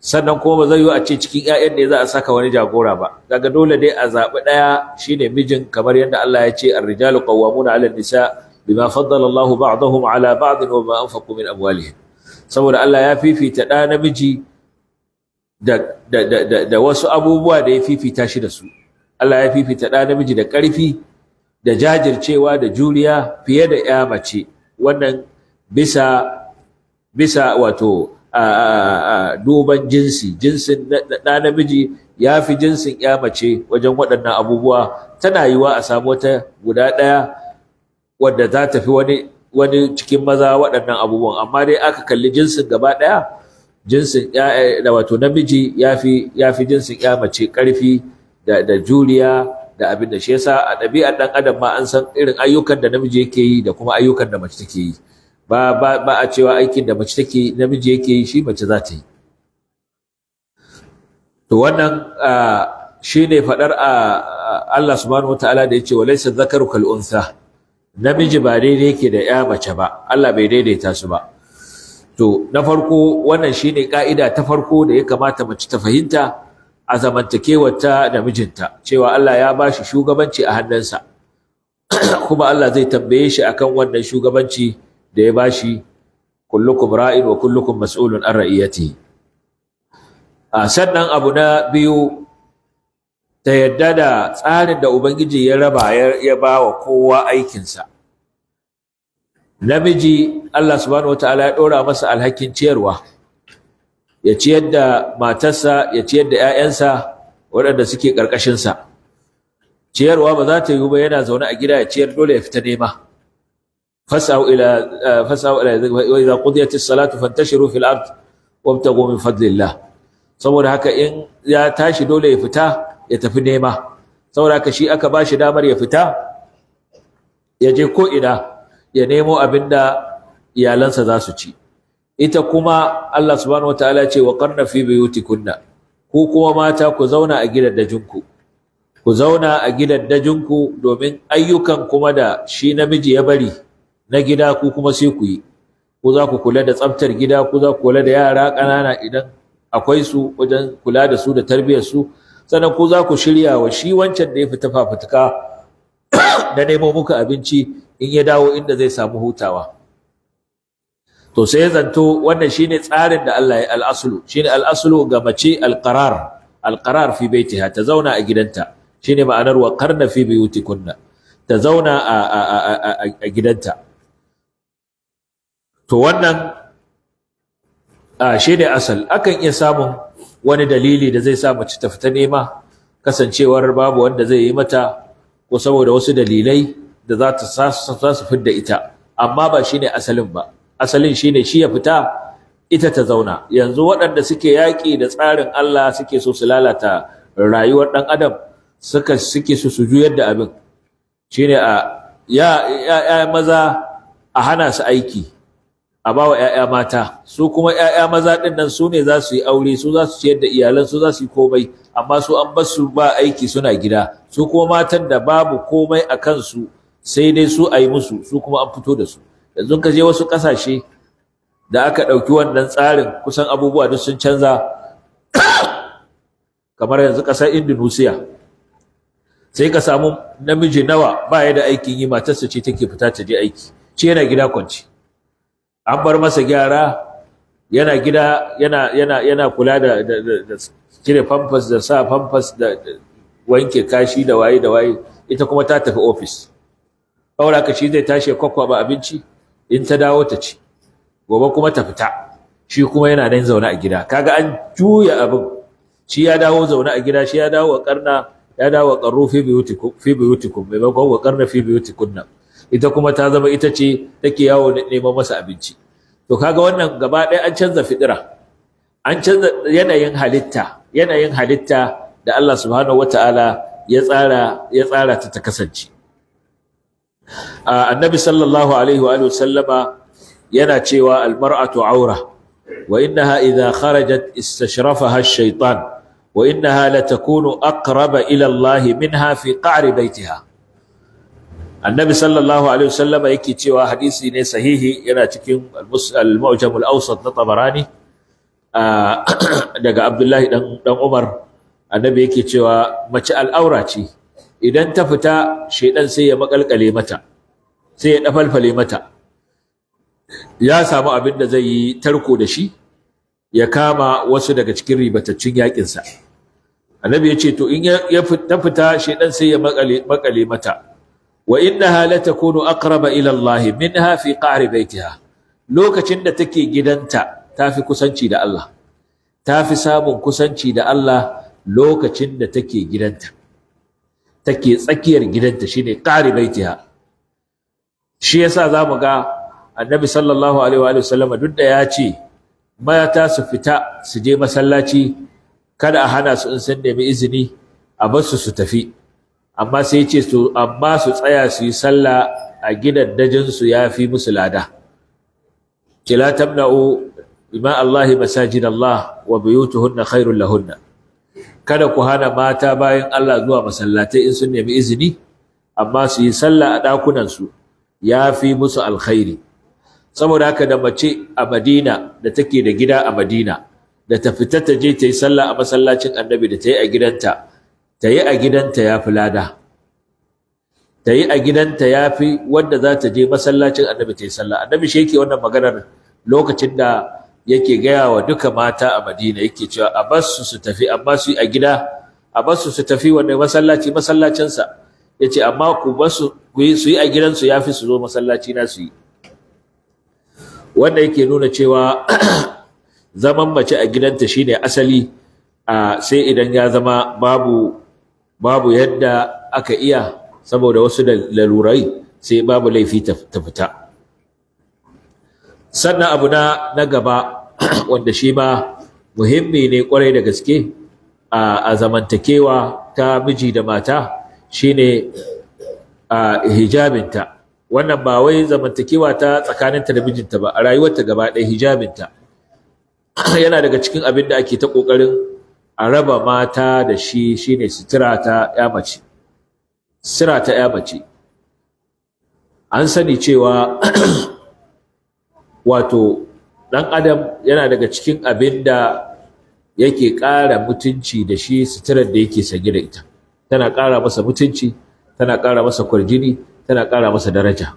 [SPEAKER 1] sannan kuma ba zai yi a ce cikin ƴaƴan ne za a saka wani jagora ba daga dole dai a zaɓi ɗaya shine mijin kamar yadda Allah ya ce ar-rijalu qawwamuna 'ala an-nisa bima faddala Allahu ba'dahum 'ala ba'd wa ma anfaqu min amwalihim saboda Allah ya fifita ɗa namiji da da wasu abubuwa da ya fifita shi da su Allah ya fifita ɗa namiji da ƙarfi da jajircewa da juriya fiye da ƴa mace wannan bisa bisa wato duban jinsi jinsin ɗa namiji ya fi jinsin ya mace wajen waɗannan abubuwa tana yiwa a samu wata guda ɗaya wadda za ta fi wani cikin maza waɗannan abubuwan amma dai aka kalli jinsin gaba ɗaya jinsin eh, da wato namiji ya fi ya jinsin ya mace ƙarfi da da juriya da abin da shi a ɗabi'ar ɗan adam ma an san irin ayyukan da namiji yake yi da kuma ayyukan da mace take yi ba ba ba a cewa aikin da mace take namiji yake yi shi mace za ta yi to wannan shine fadar Allah subhanahu wataala da yace walaysa dhakaru kal unsa namiji ba daidai yake da ya mace ba Allah bai daidaita su ba to na farko wannan shine ka'ida ta farko da ya kamata mace ta fahimta a ta da mijinta cewa Allah ya bashi shugabanci a hannunsa kuma Allah zai tambaye shi akan wannan shugabanci da ya bashi kullukum ra'in wa kullukum mas'ulun an ra'iyati a sannan abu na biyu ta yadda da tsarin da ubangiji ya raba ya ba wa kowa aikinsa namiji Allah subhanahu wataala ya ɗora masa alhakin ciyarwa ya ciyar da matarsa ya ciyar da 'ya'yansa waɗanda suke ƙarƙashinsa ciyarwa ba za ta yiwu ba yana zaune a gida ya ciyar dole ya fita nema فاسعوا إلى فاسعوا إلى وإذا قضيت الصلاة فانتشروا في الأرض وابتغوا من فضل الله saboda haka in ya tashi dole ya fita ya tafi nema saboda haka shi aka bashi damar ya fita ya je ko ina ya nemo abin da iyalansa za su ci ita kuma Allah subhanahu wataala ce wa qarna fi buyutikunna ku kuma mata ku zauna a gidaddajinku ku zauna a gidaddajinku domin ayyukan kuma da shi namiji ya bari na gida ku kuma sai ku yi ko za ku kula da tsaftar gida Ku za ku kula da yara ƙanana idan akwai su wajen kula da su da tarbiyyar su sannan ku za ku shirya wa shi wancan da ya fita fafutuka na nemo muka abinci in ya dawo inda zai samu hutawa to sai zanto wannan shine tsarin da Allah ya al'aslu shine al'aslu ga mace alqarar alqarar fi baitiha ta zauna a gidanta shine ma'anar wa qarna fi buyutikunna ta zauna a gidanta to wannan shi ne asal akan iya samun wani dalili da zai sa mace ta fita nema kasancewar babu wanda zai yi mata ko saboda wasu dalilai da za ta su fidda ita amma ba shine asalin ba asalin shi ne shi ya fita ita ta zauna yanzu waɗanda suke yaƙi da tsarin Allah suke so su lalata rayuwar ɗan adam suka suke su su juyar da abin ne a ya, maza a hana su aiki a bawa ‘ya'ya mata su kuma ‘ya'ya maza ɗin nan su ne za su yi aure su za su ciyar da iyalan su za su yi komai amma su an bar su ba aiki suna gida su kuma matan da babu komai a kansu sai dai su a yi musu su kuma an fito da su yanzu ka je wasu ƙasashe da aka ɗauki wannan tsarin kusan abubuwa duk sun canza kamar yanzu ƙasar indonesia sai ka samu namiji nawa ba ya da aikin yi matarsa ce take fita ta je aiki ce yana gida kwanci an bar masa gyara yana gida yana yana yana kula da cire pampers da sa pampers da wanke kashi da waye da waye ita kuma ta tafi ofis. ɓaura ka shi zai tashi ba abinci in ta dawo ta ci gobe kuma ta fita shi kuma yana nan zaune a gida kaga an juya abin shi ya dawo zaune a gida shi ya dawo wa karna ya dawo a qarru fi biyutikum maimakon wa karna fi nan ita kuma ta zama ita ce take yawo neman masa abinci to kaga wannan gaba ɗaya an canza fitira an canza yanayin halitta yanayin halitta da Allah subhanahu wataala ya tsara ya tsara ta ta kasance annabi sallallahu alaihi wa sallama yana cewa almar'atu aura wa innaha idha kharajat istashrafaha ash-shaytan wa innaha latakunu aqraba ila Allah minha fi qa'r baytiha annabi sallallahu alaihi wasallama yake cewa hadisi ne sahihi yana cikin al-mu'jam al-awsat na tabarani ah, daga abdullahi dan dan umar annabi yake cewa mace al'aura ce idan ta fita shedan sai ya makalkale mata sai ya dafalfale mata ya samu abin da zai yi tarko da shi ya kama wasu daga cikin ribataccen yakinsa annabi ya ce to in ya fita shedan sai ya makale mata wa innaha latakunu aqraba ila Allah minha fi qa'ri baitiha lokacin da take gidanta tafi kusanci tafi samun kusanci da Allah lokacin da take gidanta tsakiyar gidanta shine qa'ri baitiha shi yasa zamu ga annabi sallallahu alaihi wa sallama duk da ya ce mata su fita su je masallaci kada a hana su in sun nemi izini a bar su su tafi amma sai ce su amma su tsaya su yi sallah a gidan dajin su yafi musu lada ce tamna'u ima allahi masajid Allah wa buyutuhunna khairul lahunna kada ku hana mata bayan Allah zuwa masallatai in sun nemi izini amma su yi sallah a dakunan su yafi musu alkhairi saboda haka da mace a Madina da take da gida a Madina da ta fita ta je ta yi sallah a masallacin Annabi da ta yi a gidanta ta yi a gidanta ya fi lada ta yi a gidanta ya fi wanda za ta je masallacin annabi ta yi sallah annabi shi yake wannan maganar lokacin da yake gaya wa duka mata a madina yake cewa a basu su tafi amma su yi a gida a basu su tafi wanda masallaci masallacinsa ya ce amma ku basu su yi a gidansu ya fi su zo masallaci na su yi wanda yake nuna cewa zaman mace a gidanta shine asali sai idan ya zama babu babu yadda aka iya saboda wasu lalurai sai babu laifi ta fita sannan abu na na gaba wanda shi ma muhimmi ne kwarai da gaske a zamantakewa ta miji da mata shine a hijabinta wannan ba wai zamantakewa ta tsakaninta da mijinta ba a rayuwarta gaba ɗaya hijabinta yana daga cikin abin da ake ta ƙoƙarin a raba mata da shi shine sutura ta mace ta ya an sani cewa wato ɗan adam yana daga cikin abin da yake ƙara mutunci da shi suturar da yake sanye da ita tana ƙara masa mutunci tana ƙara masa kwarjini tana ƙara masa daraja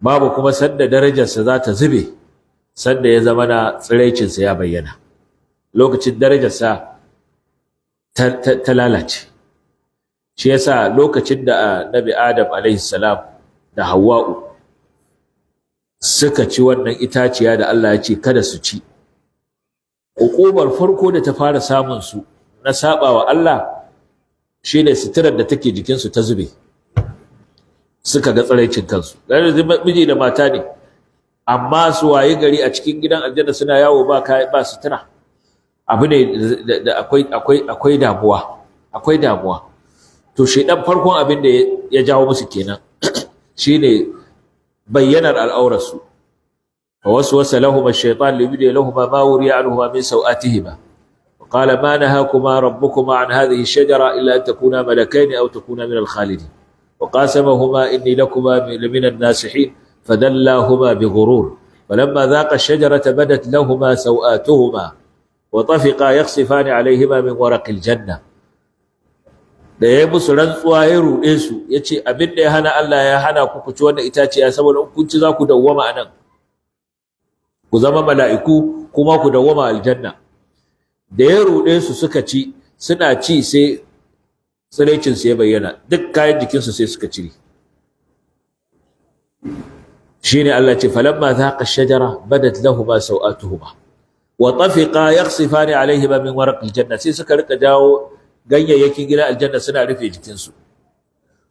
[SPEAKER 1] babu kuma sanda darajarsa za ta zube sanda ya zama na tsiraicinsa ya bayyana lokacin darajarsa ta lalace shi yasa lokacin da nabi adam alaihi salam da hawa'u suka ci wannan itaciya da Allah ya ce kada su ci hukumar farko da ta fara samun su na saba wa Allah shine sitirar da take jikinsu ta zube suka ga tsaraicin kansu miji da mata ne amma su waye gari a cikin gidan aljanna suna yawo ba ba sutura abu ne akwai damuwa. akwai dabuwa farkon abin da ya jawo musu kenan shi ne bayyanar al'aurarsu a wasu wasa lahuma shaitan libidiyar lahuma ma wuri anuwa min sau'atihi ba ƙala ma na ha kuma rabu kuma an hadhi shajara illa ta kuna malakai ne au ta kuna min alhalidi wa ƙasama huma inni la kuma liminan nasihi fa dalla huma bi gurur ولما ذاق الشجرة بدت لهما سوآتهما wa tafiqa Sifani alaihima min waraqil da ya musu rantsuwa ya ruɗe su ya ce abin da ya hana Allah ya hana ku ku ci wannan itaciya saboda in kun ci za ku dawwama a nan ku zama mala'iku kuma ku dawwama aljanna da ya ruɗe su suka ci suna ci sai tsiraicin ya bayyana duk kayan jikinsu sai suka cire shine Allah ce falamma zaqa shajara badat lahumu sau'atuhuma wa tafiqa yakhsifani Alayhi min warq aljanna sai suka rika jawo ganyayyakin gida aljanna suna rufe jikinsu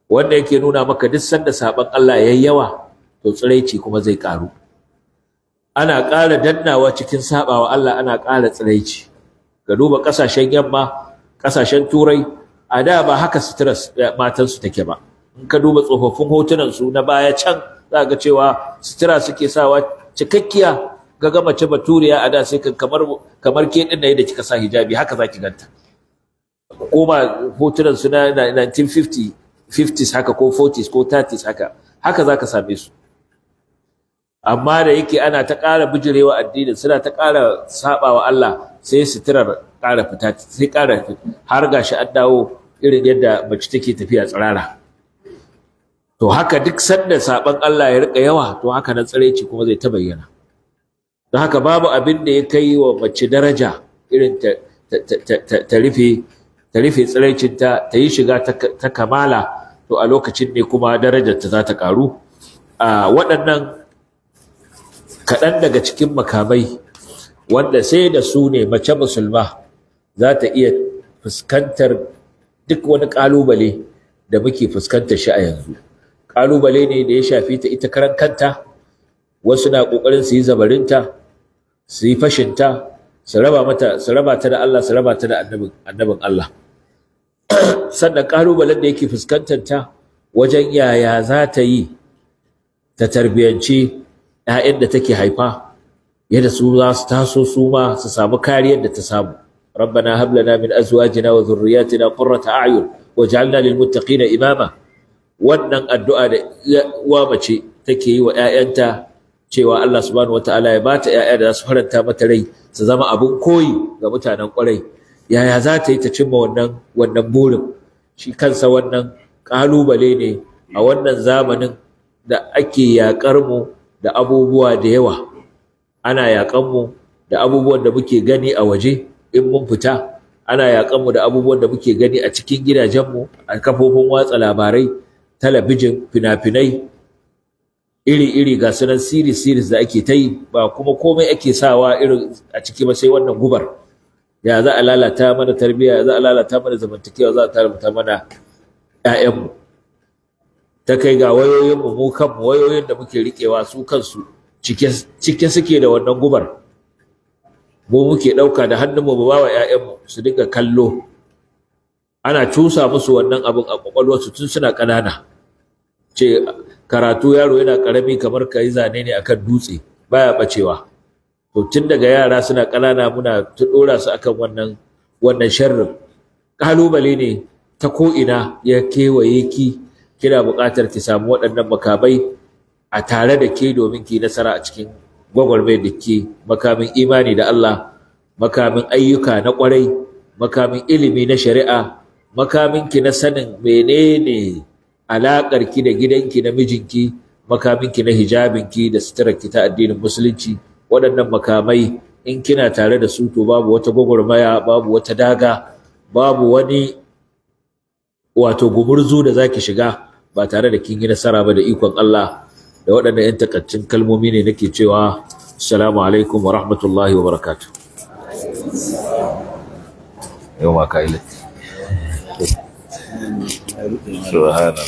[SPEAKER 1] wanda yake nuna maka duk sanda saban Allah yayi yawa to tsiraici kuma zai karu ana ƙara dannawa cikin sabawa Allah ana ƙara tsiraici ga duba ƙasashen yamma ƙasashen turai a da ba haka matan eh, matansu take ba in ka duba tsofaffin hotunan su na baya can za ga cewa sitira suke sawa cikakkiya ga ga mace baturiya a da sai kamar kamar ke din da kika sa hijabi haka zaki ganta ko ba hotunan su na 1950 50s haka ko 40s ko 30s haka haka zaka same su amma da yake ana ta ƙara bijirewa addinin suna ta ƙara sabawa Allah sai suturar ƙara fita sai ƙara har gashi an dawo irin yadda mace take tafiya tsirara to haka duk sanda saban Allah ya rika yawa to haka nan tsare ce kuma zai ta bayyana don haka babu abin da ya kai wa mace daraja irin ta rufe tsiraicinta ta yi shiga ta kamala to a lokacin ne kuma darajarta za ta ƙaru a waɗannan kaɗan daga cikin makamai wanda sai da su ne mace musulma za ta iya fuskantar duk wani ƙalubale da muke fuskantar shi a yanzu ƙalubale ne da ya shafi ta ita karan kanta wasu na ƙoƙarin su yi zabarinta su yi fashinta su raba mata su raba ta da Allah su raba ta da annabin annabin Allah sannan ƙalubalen da yake fuskantar ta wajen yaya za ta yi ta tarbiyyanci ‘ya'yan da take haifa yadda su za su taso su ma su samu kariyar da ta samu rabbana hab lana min azwajina wa dhurriyyatina qurrata a'yun waj'alna lil da imama wannan addu'a da uwa mace take yi wa ‘ya'yanta cewa Allah subhanahu wataala ya bata ƴaƴa da su faranta mata rai su zama abin koyi ga mutanen kwarai yaya za ta yi ta cimma wannan wannan burin shi kansa wannan kalubale ne a wannan zamanin da ake yakar mu da abubuwa da yawa ana yakan mu da abubuwan da muke gani a waje in mun fita ana yakan mu da abubuwan da muke gani a cikin gidajenmu a kafofin watsa labarai talabijin fina-finai iri-iri ga sunan series-series da ake ta yi ba kuma komai ake sawa irin a ciki ba sai wannan gubar ya za a lalata mana tarbiyya ya za a lalata mana zamantakewa za a tarbuta mana ƴaƴanmu ta kai ga wayoyinmu mu kanmu wayoyin da muke riƙewa su kansu cike suke da wannan gubar mu muke ɗauka da hannun mu ba wa ƴaƴanmu su dinga kallo ana cusa musu wannan abin a ƙwaƙwalwarsu tun suna ƙanana ce karatu yaro yana karami kamar ka zane ne akan dutse baya bacewa to tun daga yara suna ƙanana muna ta dora su akan wannan wannan sharrin kalubale ne ta ko ina ya kewaye ki kina buƙatar ki samu waɗannan makamai a tare da ke domin ki nasara a cikin gwagwarmayar da ke makamin imani da Allah makamin ayyuka na kwarai makamin ilimi na shari'a makamin ki na sanin menene alaƙarki da gidanki na mijinki makaminki na hijabinki da suturarki ta addinin musulunci waɗannan makamai in kina tare da su to babu wata gwagwarmaya babu wata daga babu wani wato gumurzu da zaki shiga ba tare da kin yi nasara ba da ikon Allah da waɗannan 'yan takaccin kalmomi ne nake cewa assalamu alaikum wa rahmatullahi wa barakatuh yau ma ka Subhanallah.